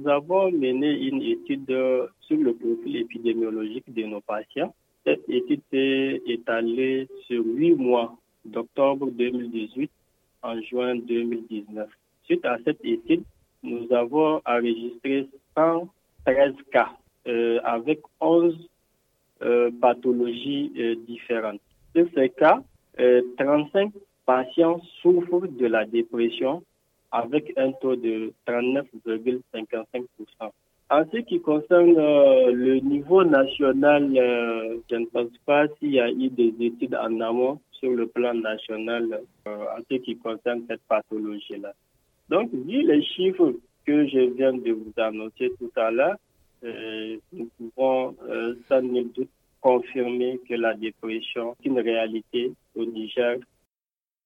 nous avons mené une étude euh, sur le profil épidémiologique de nos patients. Cette étude s'est étalée sur huit mois, d'octobre 2018 en juin 2019. Suite à cette étude, nous avons enregistré 113 cas euh, avec 11 euh, pathologies différentes. De ces cas, 35 patients souffrent de la dépression, avec un taux de 39,55%. En ce qui concerne euh, le niveau national, euh, je ne pense pas s'il y a eu des études en amont sur le plan national euh, en ce qui concerne cette pathologie-là. Donc, vu les chiffres que je viens de vous annoncer tout à l'heure, nous pouvons sans nul doute confirmer que la dépression est une réalité au Niger